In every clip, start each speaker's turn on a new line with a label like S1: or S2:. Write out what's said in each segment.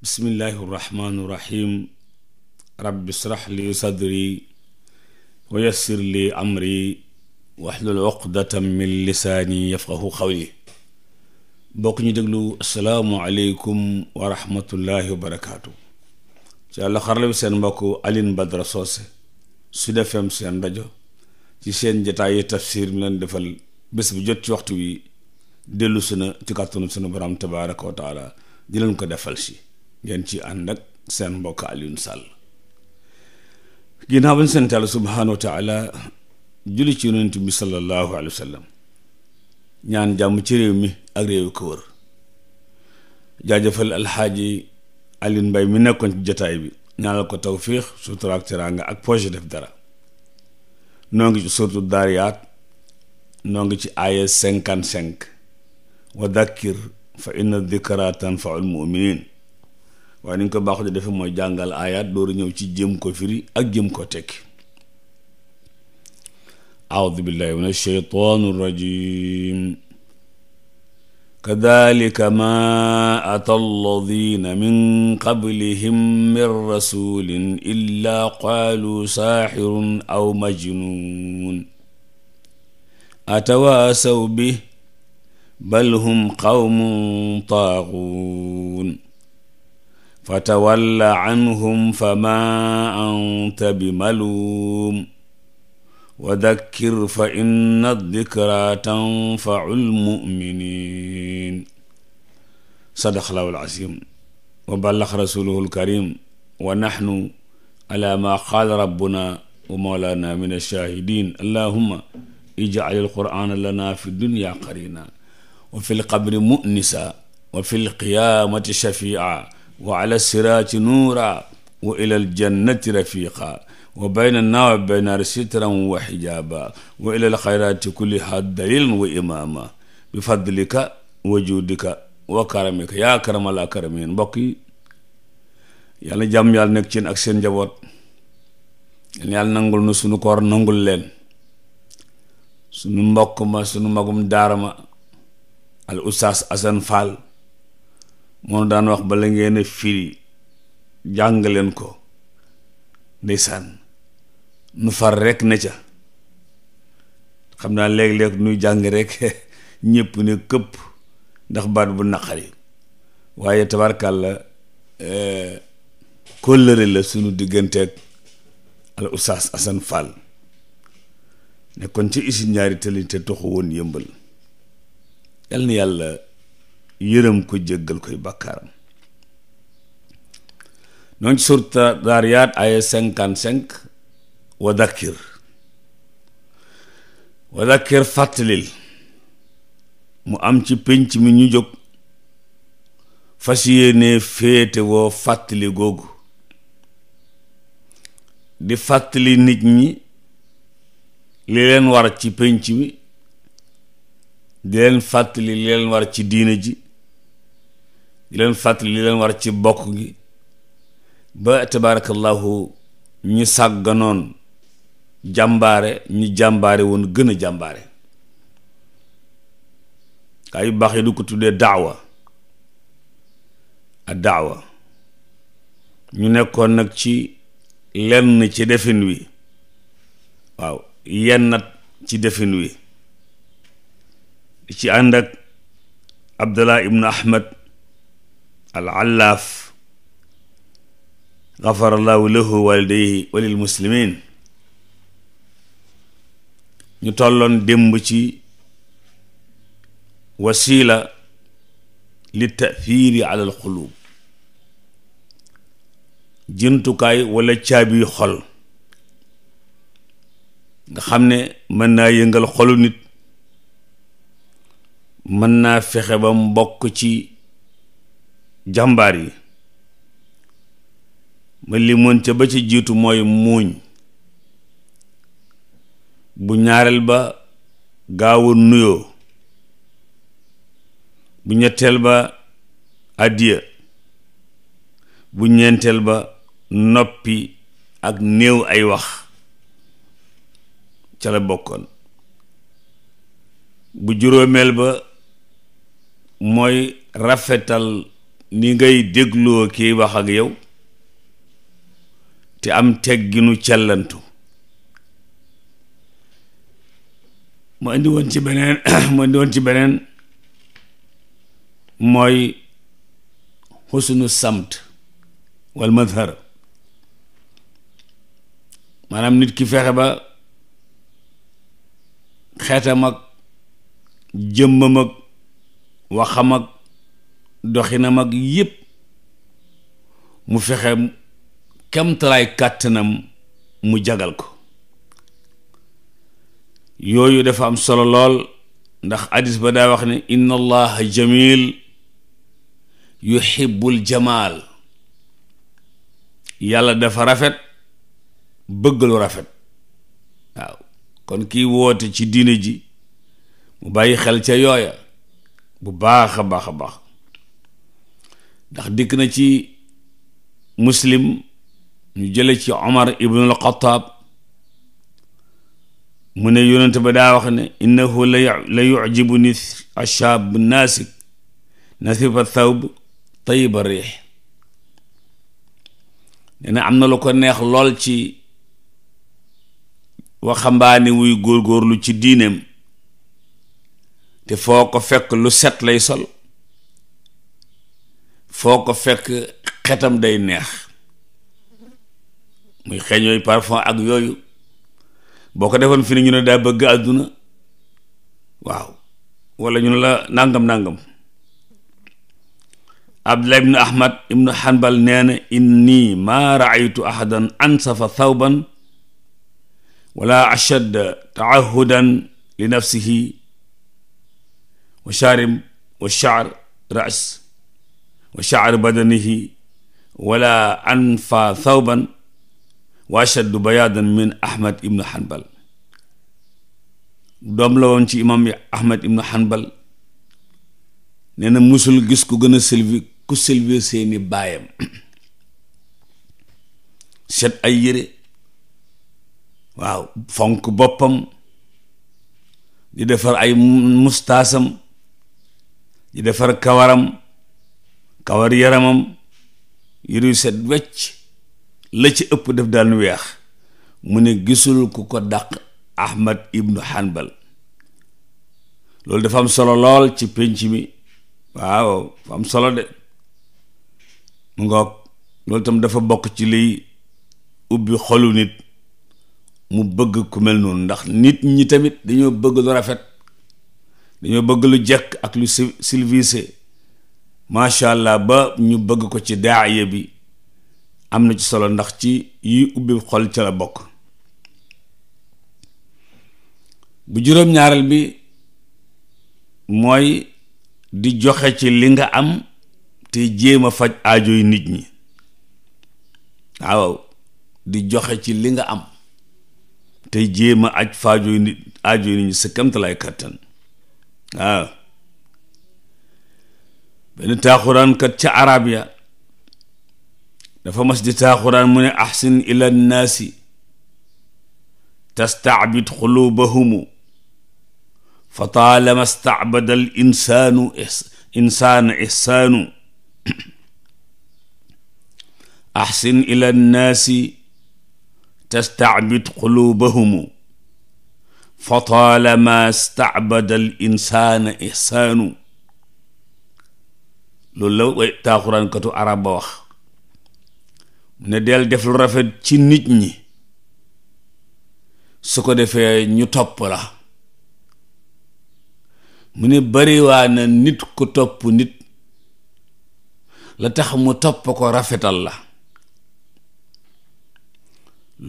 S1: bismillahi irrahmani irrahim rabbi israh li sadri wa yassir li amri waxlul uqdatan min lisaani yafqahu qawli bokk ñu déglu asalaamu aleykum wa rahmatullahi wa barakaatu ci àlla xarala seen mbokku Alioune Badara Socé Sud FM seen rajo ci seen jataayi tafsir mi leen defal bés bu jot ci waxtu wi dellu suna ci kàttanu sunu borom tabaraka wa taala di ko defal si ngeen ci ànd ak seen mbokk Alioune Sall ginnaaw bañ sant Yàlla subhaanahu wa taala julli ci yonent bi sallallahu alayhi wa ñaan jàmm ci réew mi ak réew ko wër jaajëfal alxaaji Alioune mbay mi nekkoon ci jataay bi ñaanal ko tawfiix sutura ak teraanga ak projet def dara noo ngi ci surtout daariyaat noo ngi ci aaya cinquante cinq wa dakkir fa inna dikra tanfaul muminin waaye ni ñu ko baaxoo di defee mooy jàngal aayaat dooru ñëw ci jëm ko firi ak jëm ko tekki aoudu billahi min alsheytaan arrajim kadalika ma ata alladina min qablihim min rasulin illa qaalu saaxirun aw majnun atawaasaw bih bal hum qawmun taaxuun fatawalla anhum fama anta bi maluum wa dakkir fa inna dikra tanfau lmuminin sadaqallahu alazim wa ballax rasuluhu lkarim wa naxnu ala ma qaala rabbuna wa mawlana min alshahidin allahuma ijcal alqurana lana fi dunya qarina wa fi lqabri munisa wa fi lqiyamati shafia wa ala siraati nuura wa ila aljannati rafiqa wa bayna naa wa baynaar sitran wa xijaaba wa ila alxayraati kulliha dalilun wa imaama bi wa juudika wa karamika yaa karamal akramin mbokk yi yàlla jàmm yàlla nekk ci ak seen njaboot yàlla nangul nu sunu koor nangul leen sunu mbokk sunu magum daara al ustaas Asan Fall moo daan wax bala ngeen a firi jàng leen ko ndeysaan nu far rekk na ca xam naa léeg-léeg nuy jàng rekk ñëpp ne këpp ndax baat bu naqari waaye tabarkàlla eh, kóllëre la sunu digganteeg al Oustaz Assane Fall nekkoon ci usine ñaari tëli te toxu woon yëmbal yal na yàlla yërëm ko jéggal koy bàkkaaram noonu ci surta Daariyaat aya cinquante cinq wa dakkir wa dakkir mu am ci pénc mi ñu jóg fas yéene féete woo fàttali googu di fàttali nit ñi li leen war ci pénc mi di leen fàttali li leen war ci diine ji di leen fàttali li leen war ci bokk gi ba tabaarakallahu ñu sàgganoon jàmbaare ñu jàmbaare woon gën a jàmbaare gaa yu baax yi du ko tuddee daawa a daawa ñu nekkoon nag ci lenn ci defin wi waaw yennat ci defin wi ci ànd ak abdallah ibnu ahmad al allaaf gafara allahu lahu walidayhi walil ñu tolloon démb ci wasila li tathiri ala al xuluub jëntukaay wala caabi xol nga xam ne mën naa yëngal xolu nit mën naa fexe ba mbokk ci jàmbaar yi ma limoon ca ba ci jiitu mooy muuñ bu ñaareel ba gaawu nuyoo bu ñetteel ba addiya bu ñenteel ba noppi ak néew ay wax ca la bokkoon bu juróomeel ba mooy rafetal ni ngay dégloo ki wax ak yow te am tegginu cellantu mu indi woon ci beneen mu indi woon ci beneen mooy xusnu samt wal madhar maanaam nit ki fexe ba xeetam ak jëmmam ak waxam ak doxinam ak yépp mu fexe kemtalaay kàttanam mu jagal ko yooyu dafa am solo lool ndax hadis ba daa wax ne inna allaha jamil yuhibbul jamaal yàlla dafa rafet bëgg lu rafet waaw kon kiy woote ci diine ji mu bàyyi xel ca yooya bu baaxa baaxa baax ndax dikk na ci muslim ñu jële ci omar ibnul xataab mu ne yonent ba daa wax ne innahu la la yujibu ni ashaab naasik nasifa thawb tayiba riix nee na am na lu ko neex lool ci waxambaane wuy góorgóorlu ci diineem te fooko fekk lu set lay sol foo ko fekk xetam day neex muy xeeñ yooyu parfum ak yooyu boo ko defoon fi ne ñu ne daa bëgg àdduna waaw walla ñu ne la nangam nangam abdullah ibnu ahmad ibnu hanbal nee na inni maa raaytu ahadan ansafa thawban wala ashadda taahudan li nafsihi wa shaarim wa shaar ras wa chaaru badanihi wala anfa thawban wa ashaddu bayaadan min ahmad ibnu hanbal doom la woon ci imam ahmad ibnu hanbal nee na musul gis ku gën a ku sëlvi seeni baayam set ay yére waaw fonk boppam di defar ay mustaasam di defar kawaram kawar yaramam yuruy set wecc la ci ëpp def daan weex mu ne gisul ku ko dàq ahmad ibnu hanbal loolu dafa am solo lool ci pénc mi waaw dafa am solo de mu ngoog loolu tam dafa bokk ci liy ubbi xolu nit mu bëgg ku mel noonu ndax nit ñi tamit dañoo bëgg lu rafet dañoo bëgg lu jekk ak lu civilisé macha allah ba ñu bëgg ko ci daaya bi am na ci solo ndax ci yi ubbi xol ca la bokk bu juróom-ñaareel bi mooy di joxe ci li nga am te jéem a faj aajoy nit ñi waaw di joxe ci li nga am te jéem a aj faajoy nit aajoy nit ñi sa kamtalaay waaw benn taaxuraankat ca arab ya dafa mas di taaxuraan mu ne ahsin ila nnaasi tastaabid xulubahumu fa taalama staabada al insaanu insaana ihsaanu ahsin ila nnaasi tastaabid xulubahumu fa taalama staabada al insaana ihsaanu loolu la way taaxuraankatu arab ba wax ne del def lu rafet ci nit ñi su ko defee ñu topp la mu ne bariwaa na nit ku topp nit la tax mu topp ko rafetal la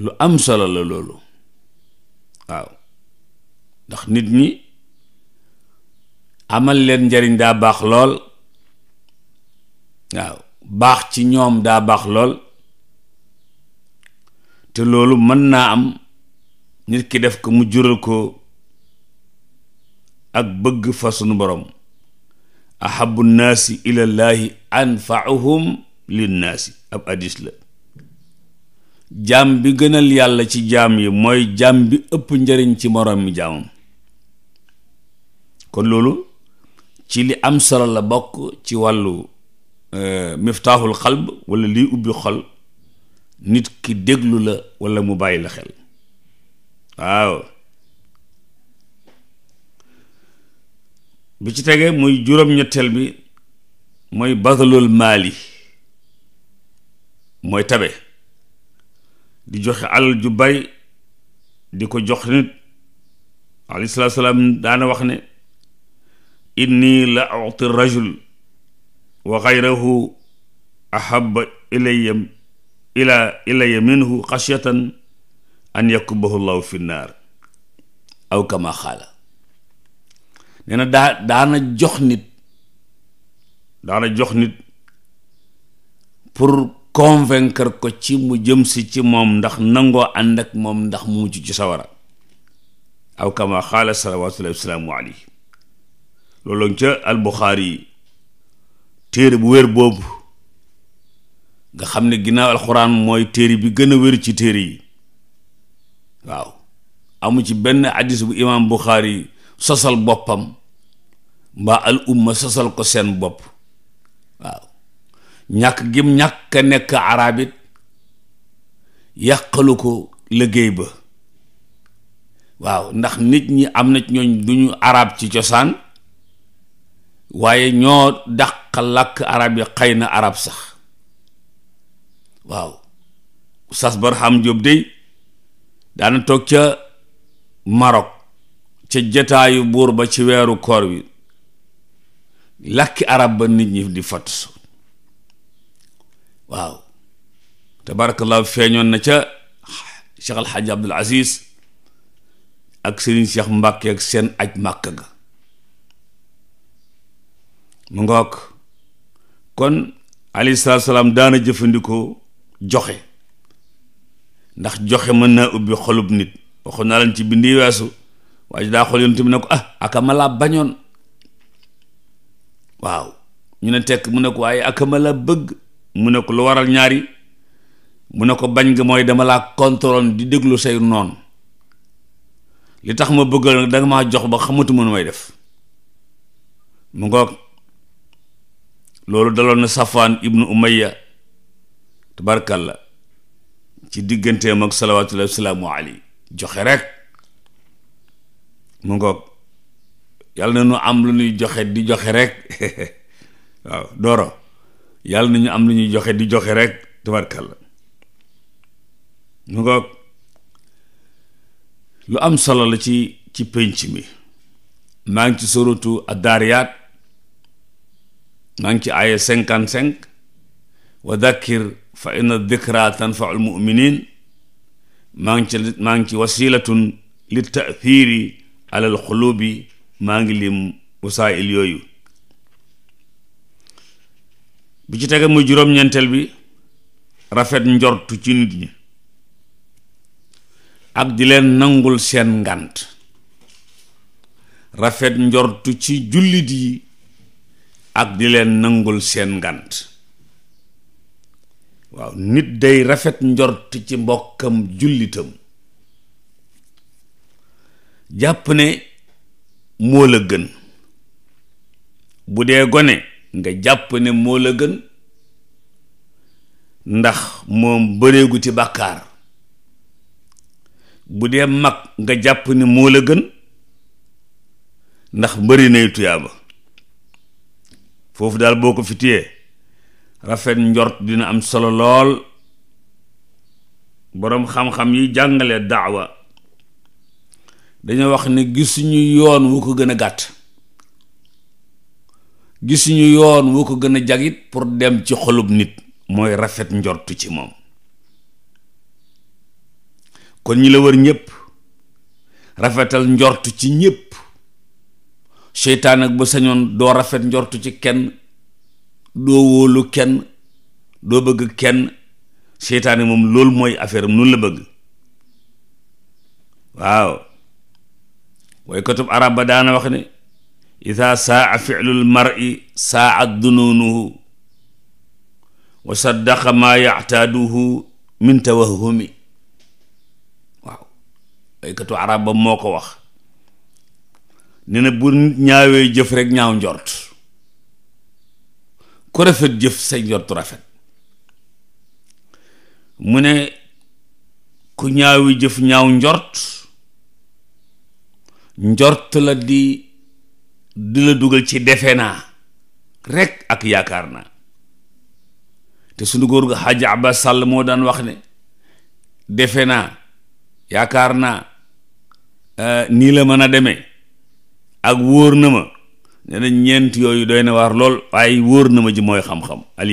S1: lu am solo la loolu waaw ndax nit ñi amal leen njariñ daa baax lool waaw baax ci ñoom daa baax lool te loolu mën naa am nit ki def ko mu jural ko ak bëgg fa sunu borom ahabu nnaasi ilallaahi anfauhum linnaasi ab hadis la jaam bi gënal yàlla ci jaam yi mooy jaam bi ëpp njariñ ci moroomi mi jaamam kon loolu ci li am solo la bokk ci wàllu Euh, miftaaxul xalb wala liy ubbi xol nit ki déglu la wala mu bàyyi la xel waaw bi ci tege muy juróom-ñetteel bi mooy basalul maali mooy tabe di joxe alal ju bari di ko jox nit alayhi salaatu salaam daana wax ne inni la uti rajul wa xayrahu ahaba ilaya ila ilaya minhu xashyatan an yakubahu llahu fi naar aw kama xaala daana jox nit daana jox nit pour convaincre ko ci mu jëm ci moom ndax nangoo ànd ak moom ndax mu mucc ci sawara aw kama xaala salawatullahi wasalaamu alayhi loolu ca téere bu wér boobu nga xam ne ginnaaw alxuraan mooy téere bi gën a wér ci téere yi waaw amu ci benn hadis bu imaam Buxaari sosal boppam mbaa al sosal ko seen bopp waaw ñàkk gim ñàkk a nekk arabit yàqalu ko liggéey ba waaw ndax nit ñi am na ñooñ duñu araab ci cosaan waaye ñoo dàq yàq làkk arab yi xëy na arab sax waaw sas barham Diop dey daana toog ca Maroc ca jataayu buur ba ci weeru koor wi làkki arab ba nit ñi di fatt waaw la feeñoon na ca Cheikh Al Hadj Abdul Aziz ak Serigne Cheikh Mbacke seen aj màkk ga mu ngoog kon alayhi salaatu salaam daana jëfandikoo joxe ndax joxe mën naa ubbi xolub nit waxoon naa leen ci bindi weesu waaye daa xool yonent bi ko ah aka ma laa waaw ñu ne tekk mu ne ko waaye aka ma laa bëgg mu ne ko lu waral ñaari mu ne ko bañ nga mooy dama laa contrôle di déglu say noon li tax ma bëggal nag danga maa jox ba xamatuma nu may def mu ngoog loolu daloon na safaan ibnu tubarkal la ci digganteem ak salawaatullahi wasalaamu ali joxe rek mu ngoog yàlla na nu am lu ñuy joxe di joxe rek waaw dooro yàlla am lu ñuy joxe di joxe rek tabarkalla mu ngoog lu am solo la ci ci pénc mi maa ngi ci suratu ad-Daariyaat maa ngi ci aaya cinquante cinq wa dakkir fa inna dikra tanfaul muminin maa ngi ci maa ngi ci wasilatun li maa ngi lim wasail yooyu bi ci tege muy juróom-ñeenteel bi rafet njortu ci nit ak di leen nangul seen ngànt rafet njortu ci ak di leen nangul seen ngànt waaw nit day rafet njort ci mbokkam jullitam jàpp ne moo la gën bu dee gone nga jàpp ne moo la gën ndax moom bëreegu bàkkaar bu dee mag nga jàpp ne moo la gën ndax mbëri nay tuyaaba foofu daal boo ko fi rafet njort dina am solo lool boroom xam-xam yi jàngale daawa dañoo wax ne gisuñu yoon wu ko gën a gàtt gisuñu yoon wu ko gën a jagit pour dem ci xolub nit mooy rafet njortu ci moom kon ñi la wër ñépp rafetal njortu ci ñépp seytaan bu ba sañoon doo rafet njortu ci kenn doo wóolu kenn doo bëgg kenn seytaane moom loolu mooy affaire am noonu la bëgg waaw waykatub arab ba daana wax ne ida saa filul mari saat dunuunuhu wa saddaqa maa yaxtaaduhu min tawahumi waaw waykatu arab ba moo ko wax nee na bu ñaawee jëf rek ñaaw njort ku rafet jëf say njortu rafet mu ne ku ñaawi jëf ñaaw njort njort la di di la dugal ci defe naa rek ak yaakaar naa te sunu góor ga xaaja Abbas Sàll moo daan wax ne defe naa yaakaar naa eh, nii la mën a demee ak wóor na ma ne ñeent yooyu doy na waar lool waaye wóor na ma ji mooy xam-xam al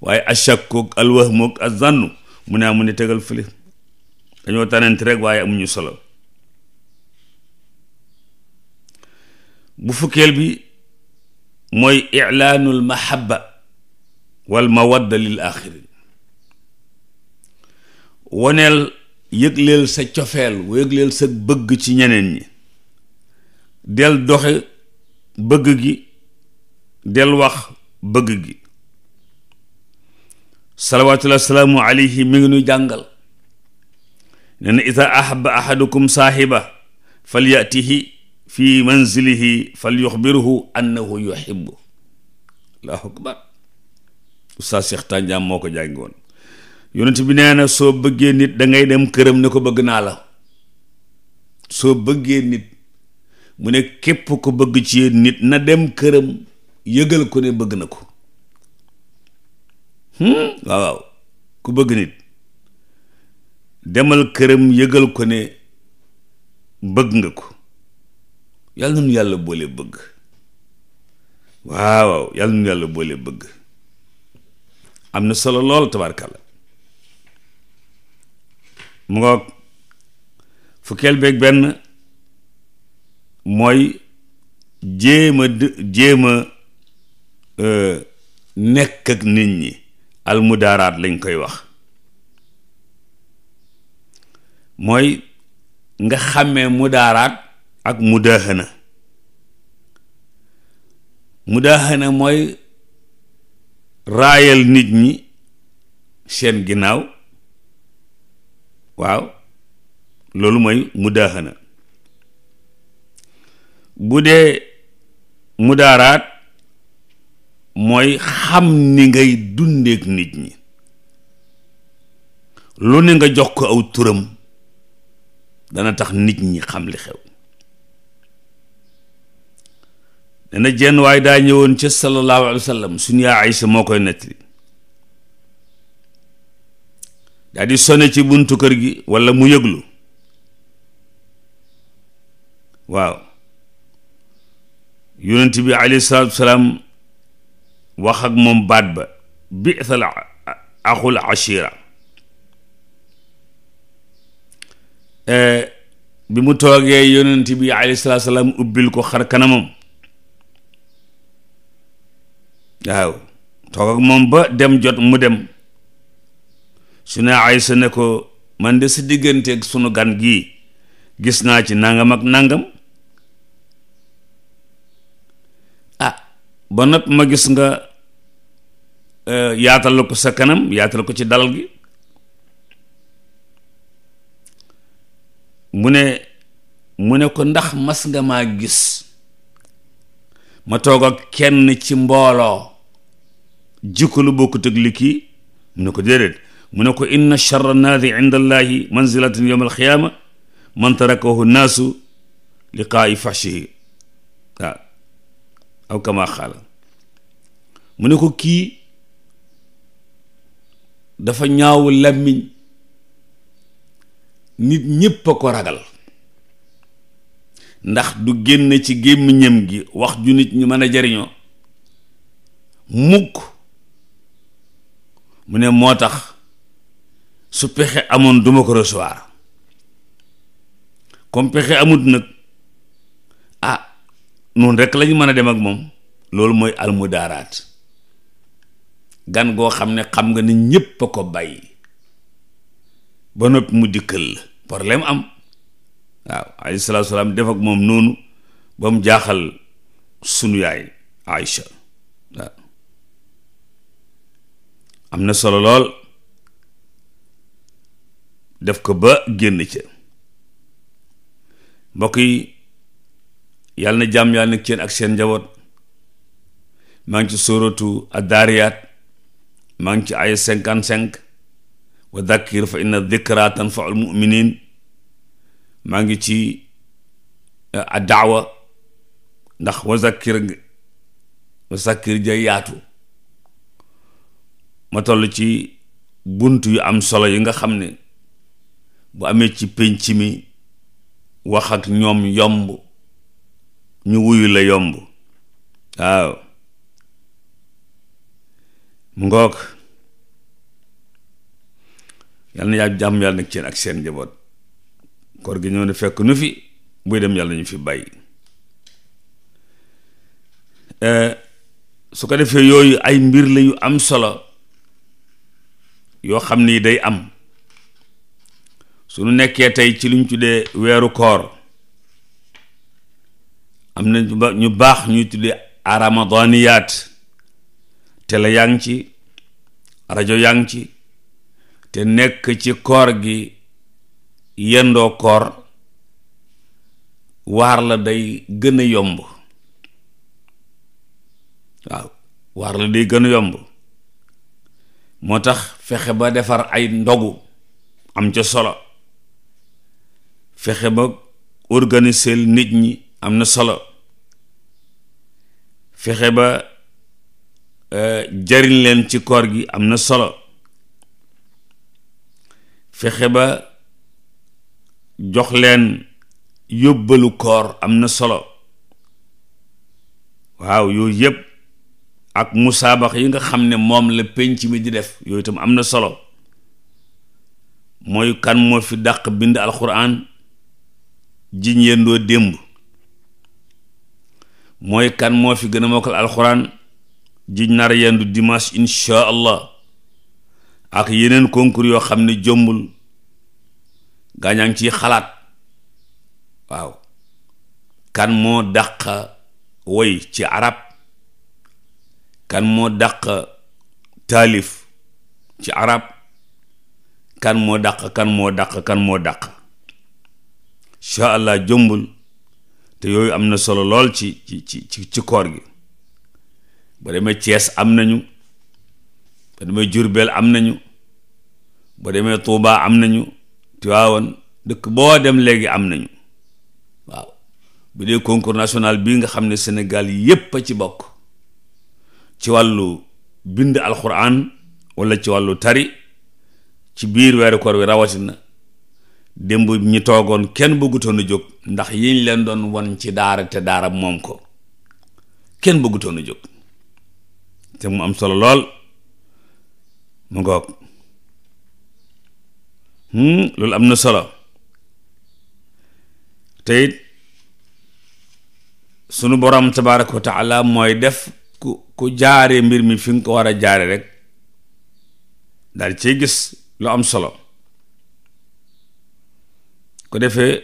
S1: waaye ashakkoog al wahmoog al zannu mu ne amu ne tegal fële dañoo tànnante rek waaye amuñu solo bu fukkeel bi mooy ilaanul mahabba wal mawadda lil axirin woneel yëgleel sa cofeel yëgleel sa bëgg ci ñeneen ñi del doxe bëgg gi del wax bëgg gi salawaatullahi wasalaamu alayhi mi ngi nuy jàngal nee na ida ahaba ahadukum saahiba falyatihi fi manzilihi falyuxbiruhu annahu yuhibbu allahu akbar oustaz Cheikh Tandiam moo ko jàngi woon yonent bi nee soo bëggee nit dangay dem këram ne ko bëgg naa la soo bëggee nit mu ne képp ko bëgg ci yéen nit na dem këram yëgal ko ne bëgg na ko hmm? waaw waaw ku bëgg nit demal këram yëgal ko ne bëgg nga ko yàlla nanu yàlla boole bëgg waaw waaw yàlla nanu yàlla boole bëgg am na solo lool tabaarkàlla mu nga fukkeel beeg benn mooy jéema a dë jéem euh, nekk ak nit ñi almudaaraat lañ koy wax mooy nga xàmmee mudaaraat ak mudaahana mudaahana mooy raayal nit ñi seen ginnaaw waaw loolu mooy mudaahana bu dee mudaaraat mooy xam ni ngay dundeek nit ñi lu ne nga jox ko aw turam dana tax nit ñi xam li xew nee na jenn waaye daa ñëwoon ca sallallahu alayhi wa sallam suñu yaa Aysa moo koy nettali daa di sone ci buntu kër gi walla mu yëglu waaw yonent bi alayhi salaatu wasalaam wax ak moom baat ba bi'sal axul ashira eh, bi mu toogee yonent bi alayhi salaatu ubbil ko xar kanamam waaw toog moom ba dem jot mu dem su ne Aysa ne ko man de sa diggante sunu gan gii gis naa ci nangam nangam ba nopp ma gis nga e, yaatal ko sa kanam yaatal ko ci dalal gi mu ne mu ne ko ndax mas nga maa gis ma toog ak kenn ci mbooloo jikko lu bokkut ak li kii mu ne ko déedéet mu ne ko inna charra naadi inda allahi manzilatan yowm alxiyaama man tarakahu naasu liqaa'i fahshihi aw kama xaala mu ne ko kii dafa ñaawu làmmiñ nit ñépp ko ragal ndax du génn ci gémmiñam gi wax ju nit ñu mën a jariñoo mukk mu ne moo tax su pexe amoon duma ko recevoir comme pexe amut nag noonu rek lañu mën a dem ak moom loolu mooy almudaaraat gan goo xam ne xam nga ni ñépp a ko bàyyi ba noppi mu dikkal la problème am waaw alayhi salaatu salaam def ak moom noonu ba mu jaaxal sunu yaay Aïcha waaw na solo lool def ko ba génn ca mbokk yi yàlla na jàmm yàlla na seen ak seen njaboot maa ngi ci sóoratu addaariyaat maa ngi ci ay cinquante cinq wa dakkir fa inna dikra tanfaul muminin maa ngi ci eh, addaawa ndax wa zakkir wa zakkir ja yaatu ma toll ci bunt yu am solo yi nga xam ne bu amee ci pénc mi wax ak ñoom yomb ñu wuyu la yomb waaw mu ngoog yal na yàlla jàmm yàlla nag ci ak seen njaboot koor gi ñëw na fekk nu fi buy dem yàlla ñu fi bàyyi eh, su ko defee yooyu ay mbir la yu am solo yoo xam ni day am su nu nekkee tey ci luñ tuddee weeru koor am na ñu baax ñuy tuddee aramadaniyaat télé ci rajo yaa ci te nekk ci koor gi yendoo koor waar la day gën yomb waaw waar la day gën a yomb moo tax fexe ba defar ay ndogu am ca solo fexe ba organiser nit ñi am na solo fexe ba e, jariñ leen ci koor gi am na solo fexe ba jox leen yóbbalu koor am na solo waaw yooyu yëpp ak musaabax yi nga xam ne moom la penc mi di def yooyu itam am na solo mooy kan moo fi dàq bind alxuraan jiñ yendoo démb mooy kan moo fi gën a mokkal alxuraan ji nar yendu dimanche incha allah ak yeneen konkur yoo xam ne jombul gaañaa ngi ciy xalaat waaw kan moo dàq woy ci arab kan moo dàq taalif ci arab kan moo dàq kan moo dàq kan moo dàq incha allah jombul te yooyu am na solo lool ci ci ci ci ci koor gi ba demee Cees am nañu ba demee Jurbel am nañu ba demee Tuubaa am nañu Tiwaawan dëkk boo dem léegi am nañu waaw bu dee concours national bii nga xam ne Sénégal yépp a ci bokk ci wàllu bind alxuraan walla ci wàllu tari ci biir weeru koor wi rawatina démb ñi toogoon kenn bëggutoon a jóg ndax yiñ leen doon won ci daara te daara moom ko kenn bëggutoon a jóg te mu am solo lool mu ngoog hmm, loolu am na solo te it boroom borom tabaaraka wa taala mooy def ku ku jaare mbir mi fi nga ko war a jaare rek daal ciy gis lu am solo ko defee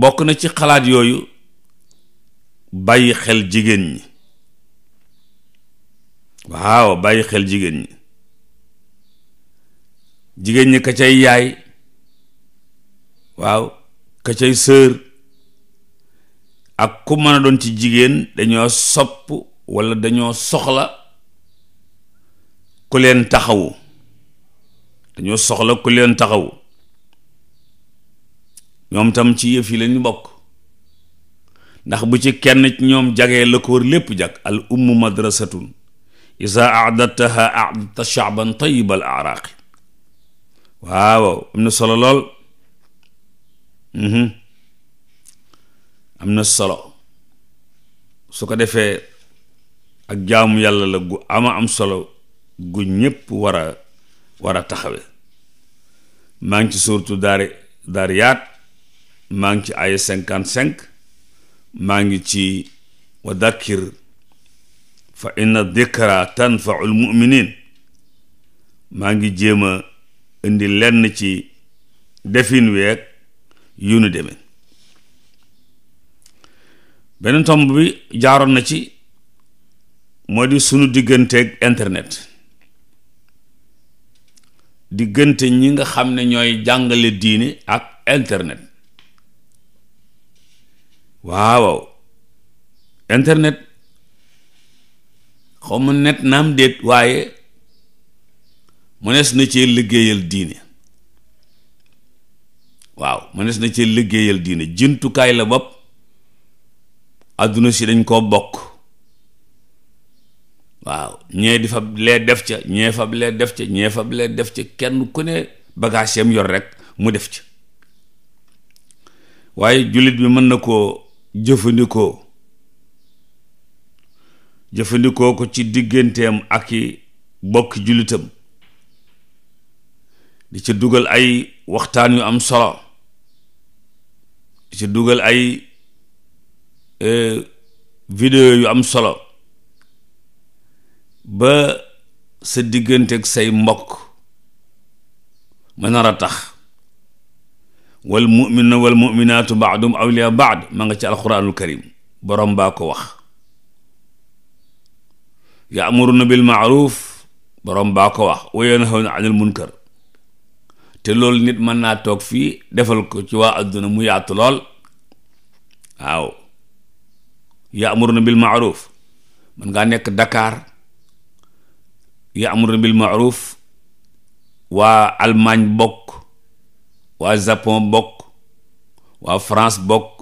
S1: bokk na ci xalaat yooyu bàyyi xel jigéen ñi waaw bàyyi xel jigéen ñi jigéen ñi ka cay yaay waaw ka cay sër ak ku mën a doon ci jigéen dañoo sopp walla dañoo soxla ku leen taxawu dañoo soxla ku leen taxawu ñoom tam ci yëf yi lañu mbokk ndax bu ci kenn ci ñoom jagee la ko wër lépp jag al ummu madrasatun isa ahdataha ahdata shaaban tayibal araaqi waaw am na solo lool mhm. am na solo su ko defee ak jaamu yàlla la gu ama am solo gu ñépp war a war taxawe maa ngi ci suurtu daari daariyaat maa ngi ci ay cinquante cinq maa ngi ci wa dakkir fa inna dikra tanfaul muminin maa ngi jéem a indi lenn ci defin weeg yu nu demee beneen tomb bi jaaroon na ci moo di sunu digganteeg internet diggante ñi nga xam ne ñooy jàngale diini ak internet waaw internet xaw ma net naam déet waaye mënees na cee liggéeyal diine waaw mënees na cee liggéeyal diine jëntukaay la bopp àdduna si dañ koo bokk waaw ñee di fab lee def ca ñee fab lee def ca ñee def ca kenn ku ne bagage yam yor rek mu def ca waaye jullit bi mën na koo jëfandikoo jëfandikoo ko ci digganteem ak i bokki jullitam di ca dugal ay waxtaan yu am solo di ci dugal ay e, vidéo yu am solo ba sa diggante ak say mbokk ma nar a tax wal mu'minuna wal mu'minaatu baadum awliya baad ma ci alquranul karim borom baa ko wax yaamuruna bil maaruf borom baa ko wax wa yanhawna anil munkar te loolu nit mën naa toog fii defal ko ci waa adduna mu yaatu lool waaw bil maaruf mën ngaa nekk dakaar yaamuruna bil maaruf waa Allemagne bokk waa Japon bokk waa France bokk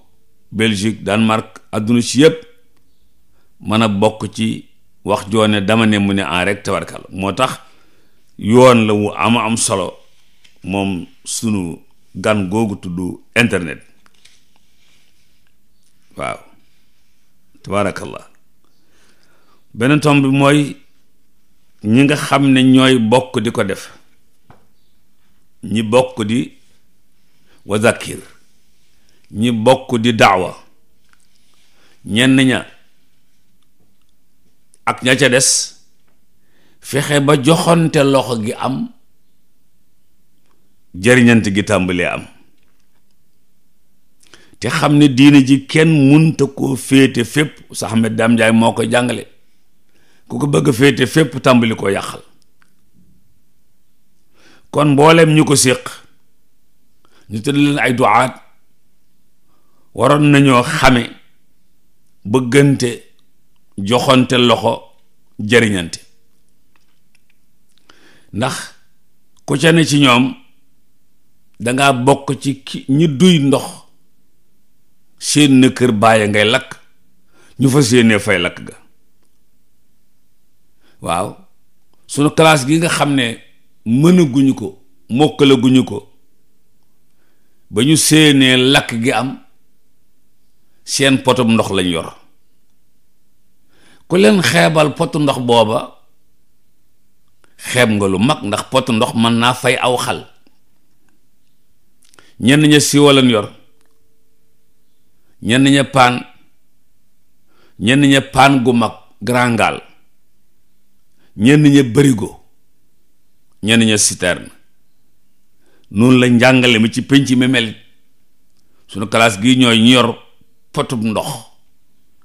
S1: Belgique Danemark adduna si yëpp mën a bokk ci wax joone dama ne mu ne en rek tabarkal moo tax yoon la wu am am solo moom sunu gan googu tudd internet waaw tabaarakallah beneen tomb bi mooy ñi nga xam ne ñooy bokk di ko def ñi bokk di wa zakkir ñi bokk di daawa ñenn ña ak ña ca des fexe ba joxante loxo gi am jëriñant gi tàmbali am te xam ne diina ji kenn munta koo féete fépp sa Ahmed Dame Ndiaye moo ko jàngale ku ko bëgg féete fépp tàmbali koo yàqal kon mboolem ñu ko séq ñu tëdd leen ay duaat waroon nañoo xame bëggante joxante loxo jëriñante ndax ku ca ne ci ñoom danga bokk ci ki ñi duy ndox seen na kër bàyyi ngay lakk ñu fas yéenee fay lakk ga waaw sunu classe gi nga xam ne mënaguñu ko mokkalaguñu ko ba ñu séenee lakk gi am seen potum ndox lañ yor ku leen xeebal potu ndox booba xeeb nga lu mag ndax potu ndox mën naa fay aw xal ñenn ña siiwa lañ yor ñenn ña paan ñenn ña paan gu mag grangal ñenn ña bërigo ñenn ña citerne noonu la njàngale mi ci penc mi melit sunu kalaas gi ñooy ñu yor potum ndox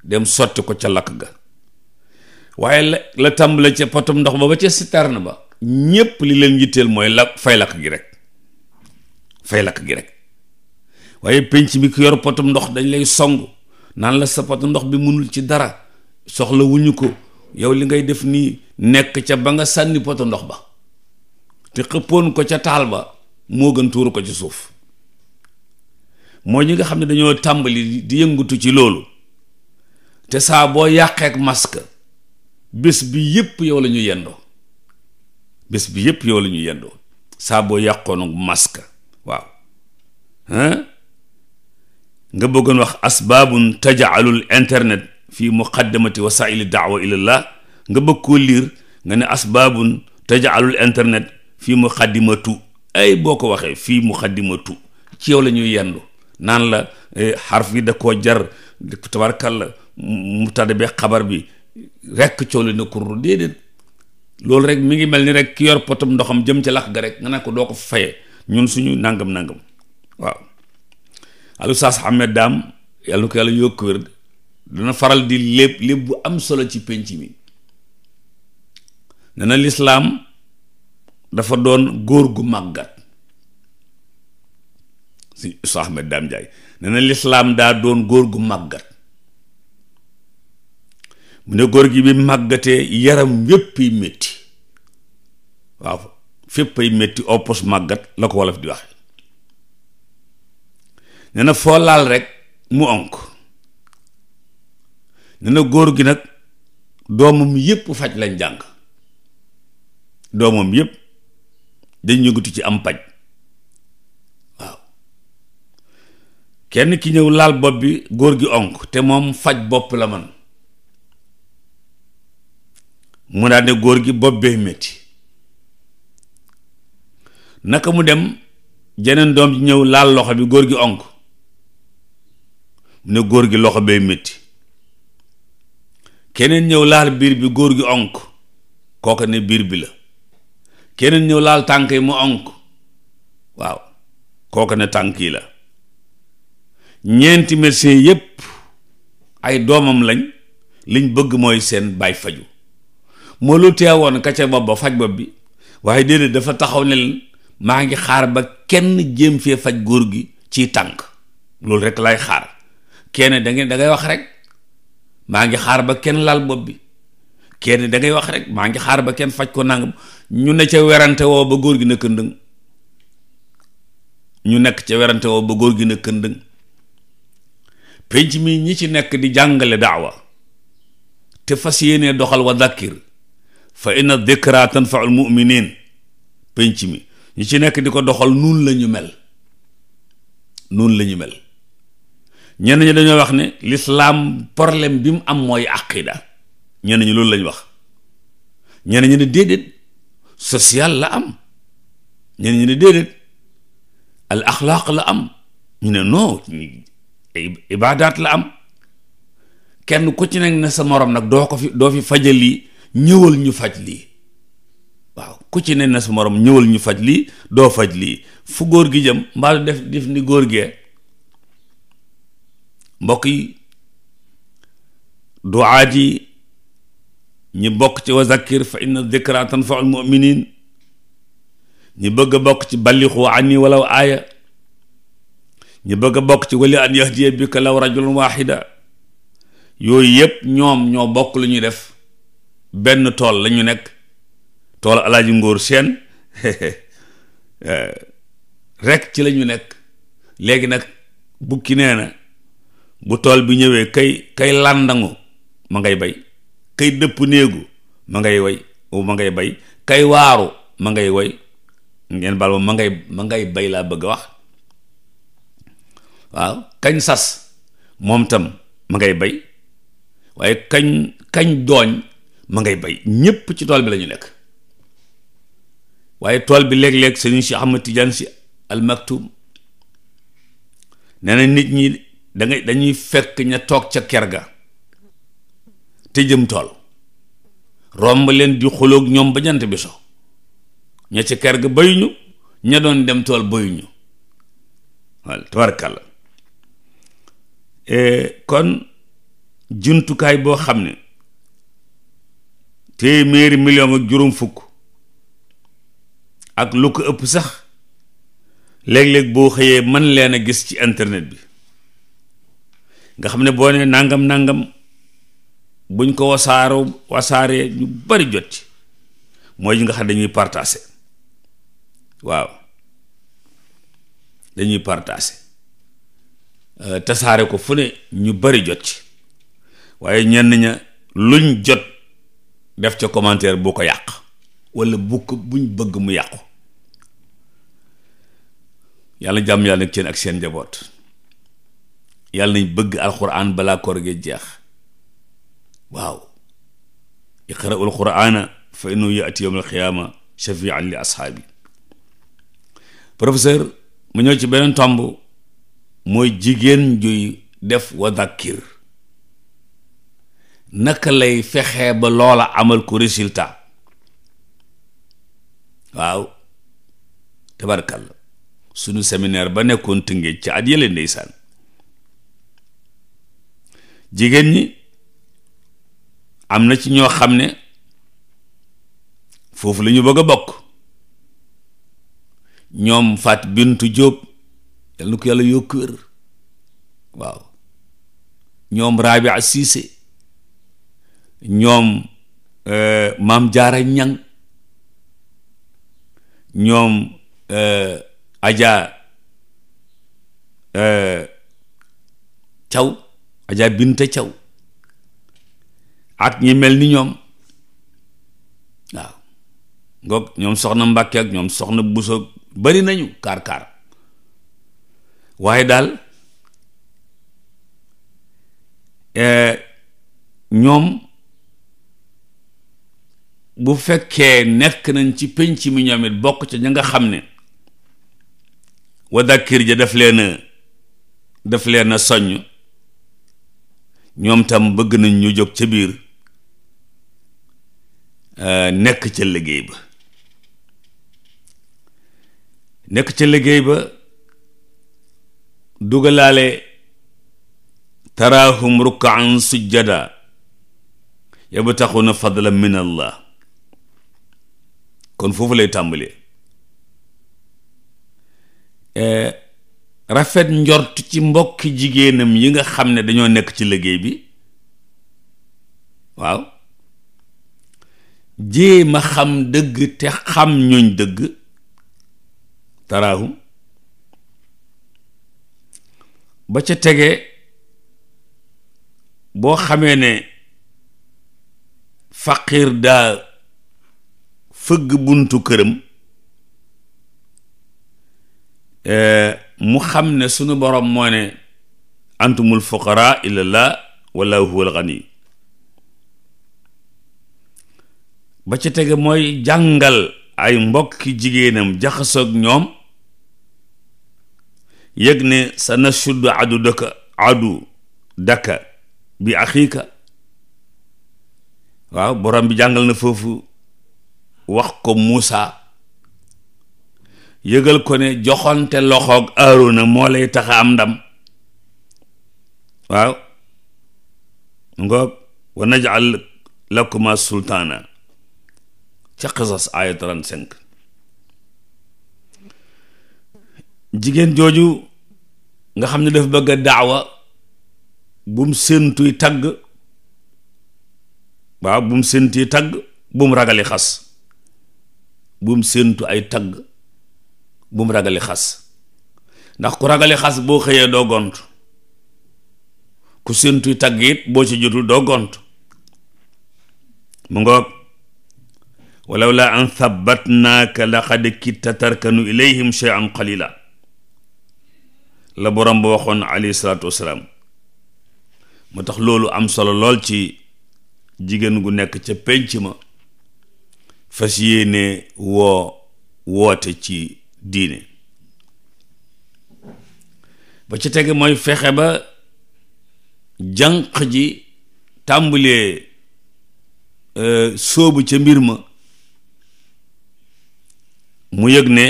S1: dem sotti ko ca lakk ga waaye la la tàmbale ca potum ndox ba ba ca citerne ba ñépp li leen yitteel mooy lakk fay lakk gi rek fay lakk gi rek waaye penc mi ku yor potum ndox dañ lay song naan la sa potu ndox bi mënul ci dara soxla wuñu ko yow li ngay def nii nekk ca ba nga sànni potu ndox ba te xëppoon ko ca taal ba moo gën tuuru ko ci suuf mooy ñi nga xam ne dañoo tàmbali di yëngutu ci loolu te saaboo yàqeek masque bés bi yépp yow lañu ñu yendoo bés bi yépp yow la ñu yendoo saaboo boo yàqoonu masque waaw nga bëggoon wax asbaabun tajaalul internet fi muqaddamati wasaili daawa ilallah nga bëgg koo liir nga ne asbaabun tajaalul internet fi muqaddimatu ay boo ko waxee fii muxaddimatu ci yow la ñuy yendu naan la eh, xarf yi da koo jar tabarkalla mubtada bi xabar bi rekk coow li na kurru déedéet loolu rek mu ngi mel ni rek ki yor potam ndoxam jëm ca lax ga nga ne ko doo ko fayee ñun suñu nangam nangam waaw alu saas daam Dame yàlla ko yàlla yokk wér dana faral di lépp lépp bu am solo ci penc mi nana lislaam dafa doon góor gu màggat si Oustaz Ahmed Dame Ndiaye nee lislaam daa doon góor gu màggat mu ne góor gi bi màggatee yaram yéppay métti waaw féppay métti oppos màggat la ko wolof di wax nee foo laal rek mu onk nee na góor gi nag doomam yépp faj lañ jàng doomam yépp dañ yëngatu ci am paj waaw kenn ki ñëw laal bopp bi góor gi onk te moom faj bopp la man mu daal ne góor gi bopp bee metti naka mu dem jeneen doom ji ñëw laal loxo bi góor gi onk mu ne góor gi loxo bee metti keneen ñëw laal biir bi góor gi onk kooka ne biir bi la keneen ñëw laal tànk yi mu onk waaw kooku ne tànk yi la ñeenti médecin yépp ay doomam lañ liñ bëgg mooy seen baay faju moo lu teewoon ka bopp ba faj bopp bi waaye déedéet dafa taxaw ne leen maa ngi xaar ba kenn jéem fee faj góor gi ci tànk loolu rek lay xaar kenn da dangay wax rekk maa ngi xaar ba kenn laal bopp bi kenn dangay wax rek maa ngi xaar ba kenn faj ko nangam ñu ne ca werante woo ba góor gi na këndëng ñu nekk ca werante ba góor gi na këndëng mi ñi ci nekk di jàngale daawa te fas yéene doxal wa dakkir fa inna dikra tanfaul muminin penc mi ñi ci nekk di ko doxal nun lañu mel nun la ñu mel ñenn ñi dañoo wax ne lislaam problème bi mu am mooy aqida ñenn ñu loolu lañ wax ñenn ñi ne déedéet social la am ñenn ñu ne déedéet al axlaaq la am ñu ne non ibaadaat la am kenn ku ci nekk sa morom nag doo ko fi doo fi fajal lii ñëwal ñu faj lii waaw ku ci ne na sa morom ñëwal ñu faj lii doo faj lii fu góor gi jëm mbaa def def ni góor gee mbokk yi duaa ñi bokk ci wa zakkir fa inna dikra tanfaul muminin ñi bëgg a bokk ci ballixu anni walaw aaya ñi bëgg bokk ci wali an yahdiya bika law rajulun waxida yooyu yëpp ñoom ñoo bokk lu ñuy def benn tool la ñu nekk tool alaaji ngóor seen eh, rekk ci la ñu nekk léegi nag bukki nee na bu tool bi ñëwee kay kay làndangu ma ngay bay kay dëpp néegu ma ngay way ma ngay bay kay waaru ma ngay way ngeen bal ma ma ngay ma ngay bay laa bëgg a wax waaw kañ sas moom tam ma ngay bay waaye kañ kañ dooñ ma ngay bay ñépp ci tool bi la nekk waaye tool bi léeg-léeg sëriñ si Ahmad Tijaan si almaktum nee nit ñi da dañuy fekk ña toog ca ker ga te jëm tool romb leen di xuloog ñoom ba bi so ña ci kër ga bayuñu ña doon dem tool bayuñu wal tabarkàlla eh, kon jumtukaay boo xam ne téeméeri million ak juróom fukk ak lu ko ëpp sax léeg-léeg boo xëyee mën leen a gis ci internet bi nga xam ne boo ne nangam nangam buñ ko wasaaroo wasaaree ñu bari jot ci mooy ñi nga xam dañuy partagé waaw dañuy partagé euh, tasaare ko fu ne ñu bari jot ci waaye ñenn ña luñ jot def ca commentaire bu ko yàq walla bu buñ bëgg mu yàqu yàlla jàmm yàlla nekk seen ak seen njaboot yàlla nañ bëgg alxuraan balaa koor gi jeex waaw iqrau alqurana fa innahu yaati yowm alqiyaama shafian li ashaabi professeur mu ñëw ci beneen tomb mooy jigéen juy def wa dakkir naka lay fexe ba loola amal ko résultat waaw tabarkalla sunu séminaire ba nekkoon tëngéej ci at yële ndeysaan jigéen ñi am na ci ñoo xam ne foofu la ñu bëgg a bokk ñoom Fat Bintu Jóob yal na ko yàlla yokk wér waaw ñoom Rabia Siise ñoom euh, Maam Jaara Ñang ñoom euh, Aja Caw euh, Aja Binta Caw ak ñi mel ni ñoom waaw ngoog ñoom soxna Mbàkke ñoom soxna Buso bari nañu kaar-kaar waaye daal eh, ñoom bu fekkee nekk nañ ci penc mi ñoom it bokk ca ña nga xam ne wa dakkir ja daf leen daf leen a soññ ñoom tam bëgg nañ ñu jóg ca biir Euh, nekk ca liggéey ba nekk ca liggéey ba dugalaale taraahum rukkaan sujjada yabtaxuna fadlan min allah kon foofu lay tàmbalee euh, rafet njort ci mbokki jigéenam yi nga xam ne dañoo nekk ci liggéey bi waaw jéem a xam dëgg te xam ñuñ dëgg taraahum ba ca tege boo xamee ne faqir daa fëgg buntu këram eh, mu xam ne sunu borom moo ne antumul fuqaraa ilallah wallahu huwal ghani ba ci tege mooy jàngal ay mbokki jigéenam jaxasoog ñoom yëg ne sa nashuddu adu daka adu daka bi axiika waaw borom bi jàngal na foofu wax ko Muusa yëgal ko ne joxonte loxoog Aaruna moo lay taxa am ndam waaw ngoog wa najal lakuma sultaana ca xisas aaya 35 jigéen jooju nga xam ne dafa bëgg a daawa bum séentuy tagg waaw bum séentuy tagg bum ragali xas bum séentu ay tagg bum ragali xas ndax ku ragali xas boo xëyee doo gont ku séentuy tagg it boo ci jotul doo gont mu ngoog walaw laa an thabatnaaka laqad kitta tarkanu ilayhim shay'an qalila la borom ba waxoon alayhi salaatu wasalaam moo tax loolu am solo lool ci jigéen gu nekk ca pénc ma fas yéene woo woote ci diine ba ca tege mooy fexe ba jànq ji tàmbulee euh, soobu ca mbir ma mu yëg ne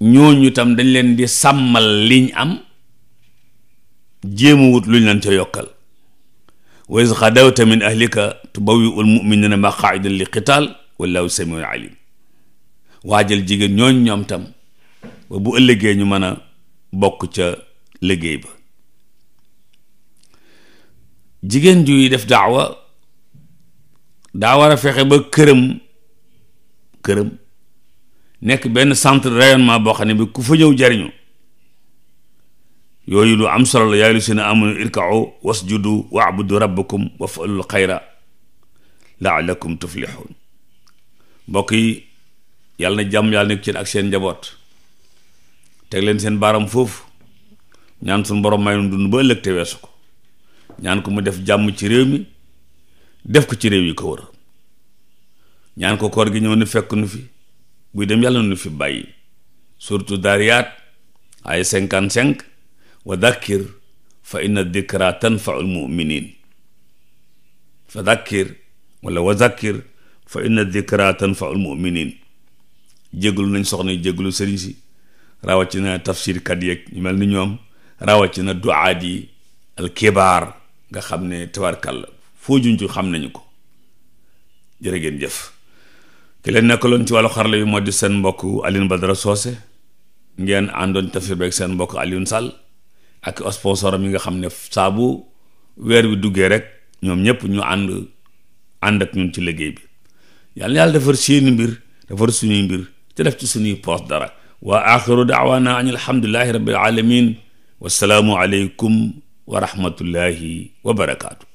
S1: ñooñu tam dañ leen di sàmmal liñ am jéemu wut luñ leen ca yokkal wa iz xadawta min ahlika tubawwi'ul mu'minina maqaa'idan li qitaal wallaahu samiun alim waajal jigéen ñooñu ñoom tam bu ëllëgee ñu mën a bokk ca liggéey ba jigéen juy def daawa daa war a fexe ba këram këram nekk benn centre rayonnement boo xam ne bi ku fa ñëw jariñu yooyu lu am solo la yaa lu seen amanu irkau wasjudu waabudu rabbakum wafalul xayra laalakum tuflixuun mbokk yi yàlla na jàmm yàlla nekk ci ak seen njaboot teg leen seen baaram foofu ñaan suñu borom may nu dund ba ëllëg te weesu ko ñaan ko mu def jàmm ci réew mi def ko ci réew yi ko wër ñaan ko koor gi ñëw na fekk nu fi buy dem yàlla na nu fi bàyyi surtout daariyaat ay cinquante cinq wa dakkir fa inna dikra tanfaul muminin fa dakkir wala wa zakkir fa inna dikra tanfaul nañ soxna jégalu sëriñ si rawatina tafsir kat yeeg ñu mel ni ñoom rawatina duaat di alkibaar nga xam ne tabarkàlla foo junj xam nañu ko jërë ngeen jëf ki leen nekkaloon ci wàllu xarala bi moo di seen mbokk Alioune Badara Socé ngeen àndoon tafir beeg seen mbokk Alioune Sall ak sponsor mi nga xam ne saabu weer wi duggee rek ñoom ñëpp ñu ànd ànd ak ñun ci liggéey bi yàlla yàlla defar seeni mbir defar suñuy mbir te def ci suñuy poos dara waa axiru daawaana an alhamdulillahi rabbil alamin wasalaamu aleykum wa rahmatullahi wa barakaatu